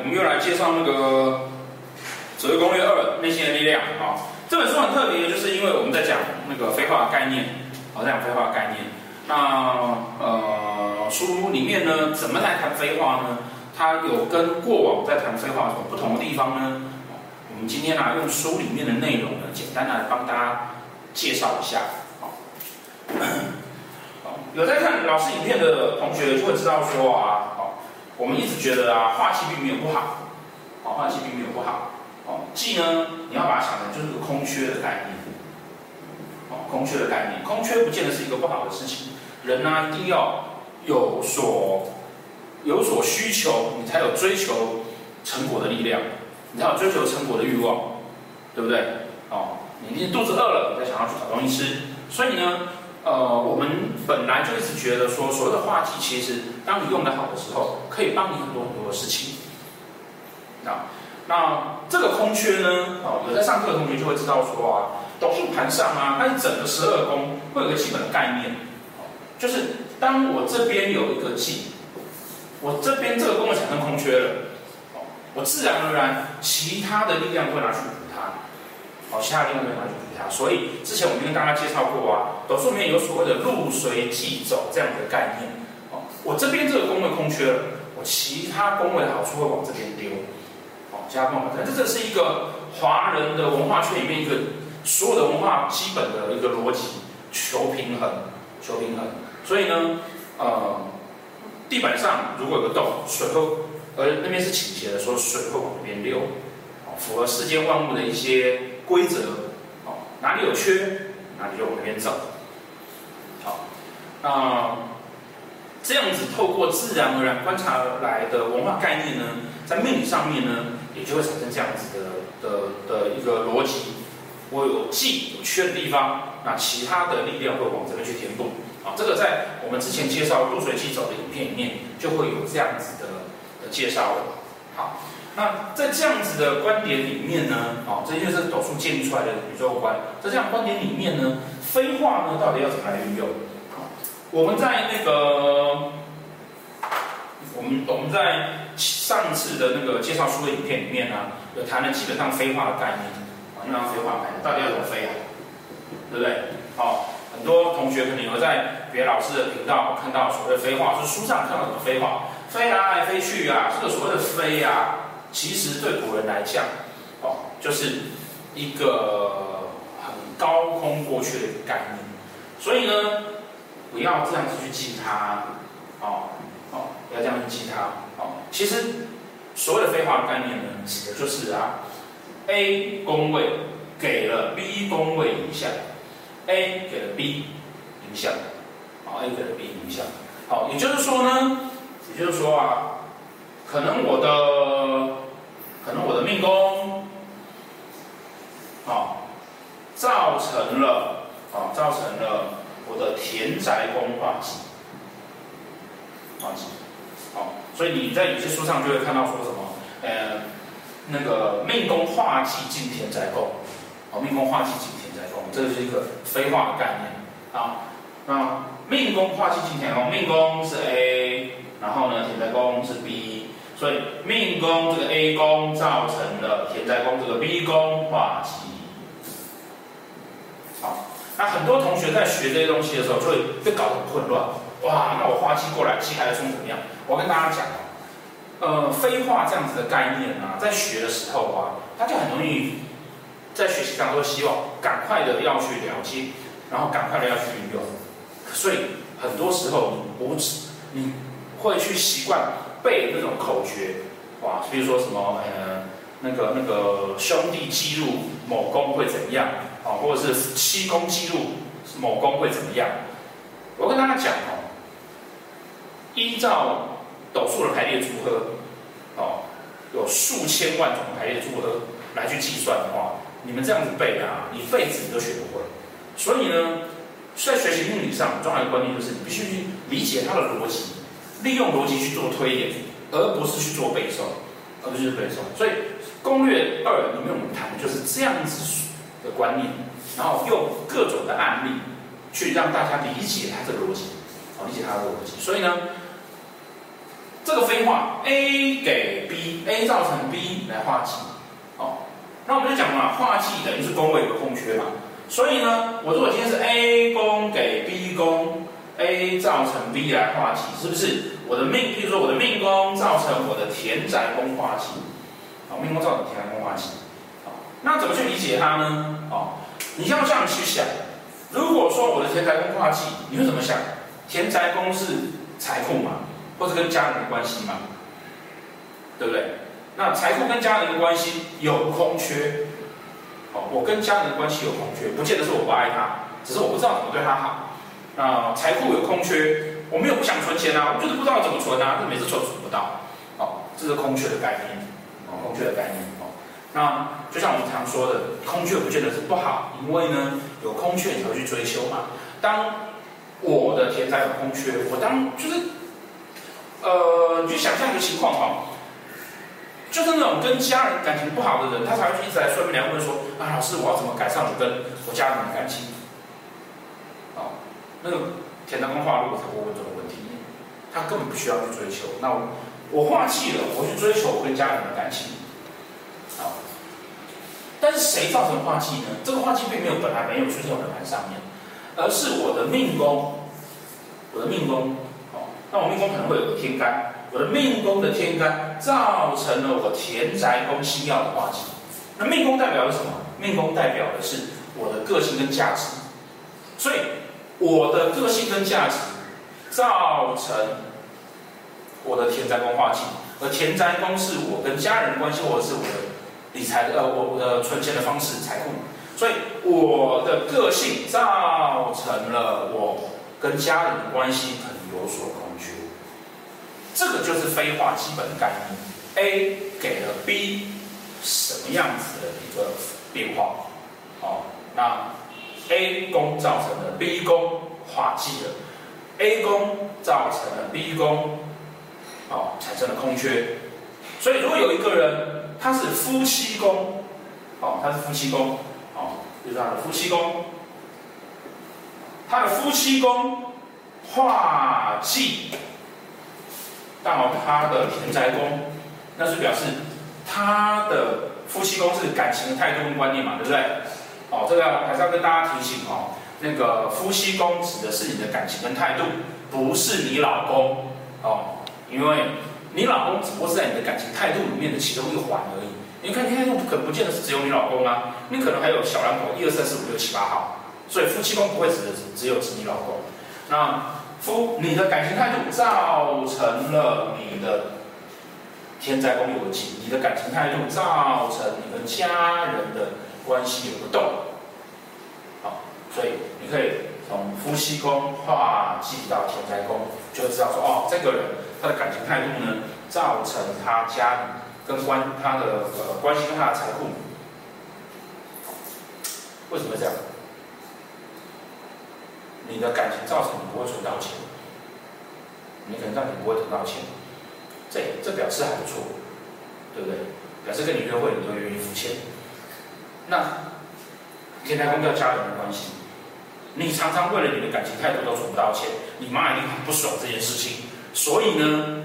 我們又來介紹那個《紫微攻略二：內心的力量》啊、哦，這本書很特別，就是因為我們在講那個飛化的概念，哦、在講飛化的概念。那呃，書裡面呢，怎麼來談飛化呢？它有跟過往在談飛化有什麼不同的地方呢？哦、我們今天呢、啊，用書裡面的內容呢，簡單來幫大家介紹一下、哦。有在看老師影片的同學就會知道說啊。哦我們一直覺得啊，化忌並沒有不好，哦，化忌並沒有不好，哦，忌呢，你要把它想成就是個空缺的概念，哦，空缺的概念，空缺不見得是一個不好的事情。人呢、啊，一定要有所有所需求，你才有追求成果的力量，你才有追求成果的慾望，對不對？哦，你肚子餓了，你才想要去找東西吃，所以呢。呃，我們本來就一直覺得說，所有的化忌其實，當你用得好的時候，可以幫你很多很多的事情。啊，那這個空缺呢，啊、哦，有在上課的同學就會知道說啊，斗數盤上啊，但是整個十二宮會有個基本的概念、哦，就是當我這邊有一個忌，我這邊這個宮會產生空缺了，哦、我自然而然，其他的力量會拿去補它。好，其他地方沒法去給他。所以之前我們跟大家介紹過啊，斗數裡面有所謂的“祿隨忌走”這樣一個概念。哦，我這邊這個宮位空缺了，我其他宮位的好處會往這邊丟。哦，其他方法。但這這是一個華人的文化圈裡面一個所有的文化基本的一個邏輯，求平衡，求平衡。所以呢，呃，地板上如果有個洞，水會，而那邊是傾斜的，所以水會往這邊流。哦，符合世間萬物的一些。規則，好、哦、哪裡有缺，哪裡就往那邊走。好，那、呃、這樣子透過自然而然觀察而來的文化概念呢，在命理上面呢，也就會產生這樣子的的的一個邏輯，我有忌有缺的地方，那其他的力量會往這邊去填補，啊，這個在我們之前介紹祿隨忌走的影片裡面，就會有這樣子的的介紹了，好。那在這樣子的觀點裡面呢，好、哦，這就是斗數建立出來的宇宙觀。在這樣觀點裡面呢，飛化呢到底要怎麼來運用？我們在那個，我們我們在上次的那個介紹書的影片裡面呢、啊，有談了基本上飛化的概念啊，那飛化到底要怎麼飛啊？對不對？好、哦，很多同學可能有在別老師的頻道看到所謂的飛化，說書上看到什麼飛化，飛來、啊、飛去啊，這個所謂的飛啊。其實對古人來講，哦，就是一個很高空過去的一個概念，所以呢，不要這樣子去記它，哦，哦，不要這樣去記它，哦。其實所謂的飛化概念呢，指的就是啊，A 宮位給了 B 宮位影響，A 給了 B 影響，好、哦，A 給了 B 影響，好、哦，也就是說呢，也就是說啊，可能我的。命宮，好、哦，造成了，啊、哦，造成了我的田宅宮化忌，化忌，好、哦，所以你在有些書上就會看到說什麼，呃，那個命宮化忌進田宅宮，哦，命宮化忌進田宅宮，這就是一個飛化的概念啊、哦，那命宮化忌進田宮，命宮是 A，然後呢，田宅宮是 B。所以命宮這個 A 宮造成了田宅宮這個 B 宮化忌。好，那很多同學在學這些東西的時候，就會被搞得很混亂。哇，那我化忌過來，忌還要衝怎麼樣？我跟大家講，呃，飛化這樣子的概念啊，在學的時候啊，他就很容易在學習上都希望趕快的要去了解，然後趕快的要去運用。所以很多時候你，不只你會去習慣。背的那種口訣，哇，比如說什麼，呃，那個那個兄弟記錄某宮會怎樣，啊、哦，或者是妻宮記錄某宮會怎麼樣？我跟大家講哦，依照斗數的排列組合，哦，有數千萬種排列組合來去計算的話，你們這樣子背的啊，一輩子你都學不會。所以呢，在學習命理上，重要的觀念就是你必須去理解它的邏輯。利用邏輯去做推演，而不是去做背誦，而不是去背誦。所以攻略二裡面我們談的就是這樣子的觀念，然後用各種的案例去讓大家理解它這個邏輯，哦、理解它的邏輯。所以呢，這個飛化 A 給 B，A 造成 B 來化忌，好、哦，那我們就講嘛，化忌等於是宮位，有個空缺嘛。所以呢，我如果今天是 A 宮給 B 宮。A 造成 B 來化忌，是不是我的命？譬如說我的命宮造成我的田宅宮化忌，好，命宮造成田宅宮化忌，好，那怎麼去理解它呢？哦，你要這樣去想。如果說我的田宅宮化忌，你會怎麼想？田宅宮是財富嘛，或者跟家人的關係嘛，對不對？那財富跟家人的關係有空缺，好，我跟家人的關係有空缺，不見得是我不愛他，只是我不知道怎麼對他好。啊，財富有空缺，我沒有不想存錢啊，我就是不知道怎麼存啊，就每次存存不到。好、哦，這是空缺的概念、哦。空缺的概念。哦，那就像我們常說的，空缺不見得是不好，因為呢，有空缺你才會去追求嘛。當我的錢財有空缺，我當就是，呃，你去想象一個情況哈，就是那種跟家人感情不好的人，他才會一直來說明來問說，啊，老師，我要怎麼改善我跟我家人的感情？那個田宅宮化祿，他不問這個問題，他根本不需要去追求。那我我化忌了，我去追求我跟家人的感情，好、哦。但是誰造成化忌呢？這個化忌並沒有本來沒有出現在盤上面，而是我的命宮，我的命宮，好、哦。那我命宮可能會有個天干，我的命宮的天干造成了我田宅宮星曜的化忌。那命宮代表是什麼？命宮代表的是我的個性跟價值，所以。我的個性跟價值造成我的田宅宮化忌，而田宅宮是我跟家人關係，或是我的理財呃，我我的存錢的方式財富，所以我的個性造成了我跟家人的關係可能有所空缺，這個就是飛化基本的概念，A 給了 B 什麼樣子的一個變化，好、哦，那。A 宮造成的 B 宮化忌的，A 宮造成的 B 宮，哦，產生了空缺。所以如果有一個人，他是夫妻宮，哦，他是夫妻宮，哦，就是他的夫妻宮。他的夫妻宮化忌到、哦、他的田宅宮，那是表示他的夫妻宮是感情的態度跟觀念嘛，對不對？哦，這個還是要跟大家提醒哦。那個夫妻宮指的是你的感情跟態度，不是你老公哦。因為，你老公只不過是在你的感情態度裡面的其中一環而已。你看，你、欸、度可不見得是只有你老公啊，你可能還有小老婆一二三四五六七八號。所以，夫妻宮不會指的是只有是你老公。那夫，你的感情態度造成了你的天災宮有忌，你的感情態度造成你的家人的。關係也不動，好，所以你可以從夫妻宮化忌到錢財宮，就知道說哦，這個人他的感情態度呢，造成他家裡跟關他的呃關心他的財富，為什麼這樣？你的感情造成你不會存到錢，你可能造成你不會存到錢，這這表示還不錯，對不對？表示跟你約會，你都願意付錢。那田宅宮叫家人的關係，你常常為了你的感情態度都存不到錢，你媽一定很不爽這件事情，所以呢，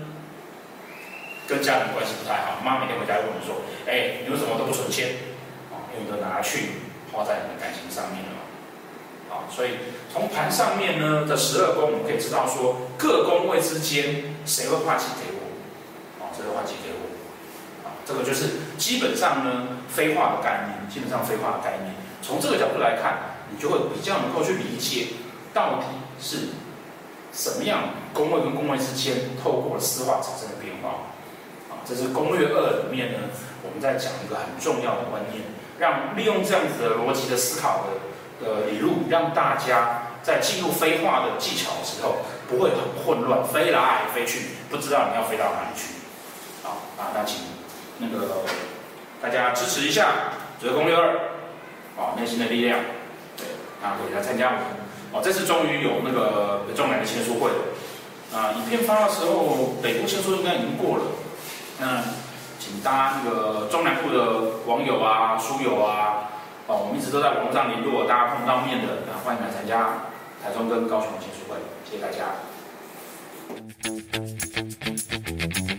跟家人關係不太好。媽每天回家問你說：“哎、欸，你為什麼都不存錢？啊、哦，因為都拿去花在你的感情上面了，啊、哦，所以從盤上面呢的十二宮，我們可以知道說，各宮位之間誰會化解給我？啊，誰會化解給我？哦這個就是基本上呢，飛化的概念，基本上飛化的概念。從這個角度來看，你就會比較能夠去理解，到底是什麼樣宮位跟宮位之間透過四化產生的變化。啊，這是攻略二裡面呢，我們在講一個很重要的觀念，讓利用這樣子的邏輯的思考的的理路，讓大家在進入飛化的技巧的時候，不會很混亂，飛來飛去，不知道你要飛到哪裡去。啊，啊，那請。那個大家支持一下，紫微攻略二，哦，內心的力量，對，啊，歡迎來參加我們，哦，這次終於有那個中南的簽書會啊，影、呃、片發的時候北部簽書應該已經過了，那請大家那個中南部的網友啊、書友啊，哦，我們一直都在網絡上聯絡，大家碰不到面的，啊，歡迎來參加台中跟高雄的簽書會，謝謝大家。嗯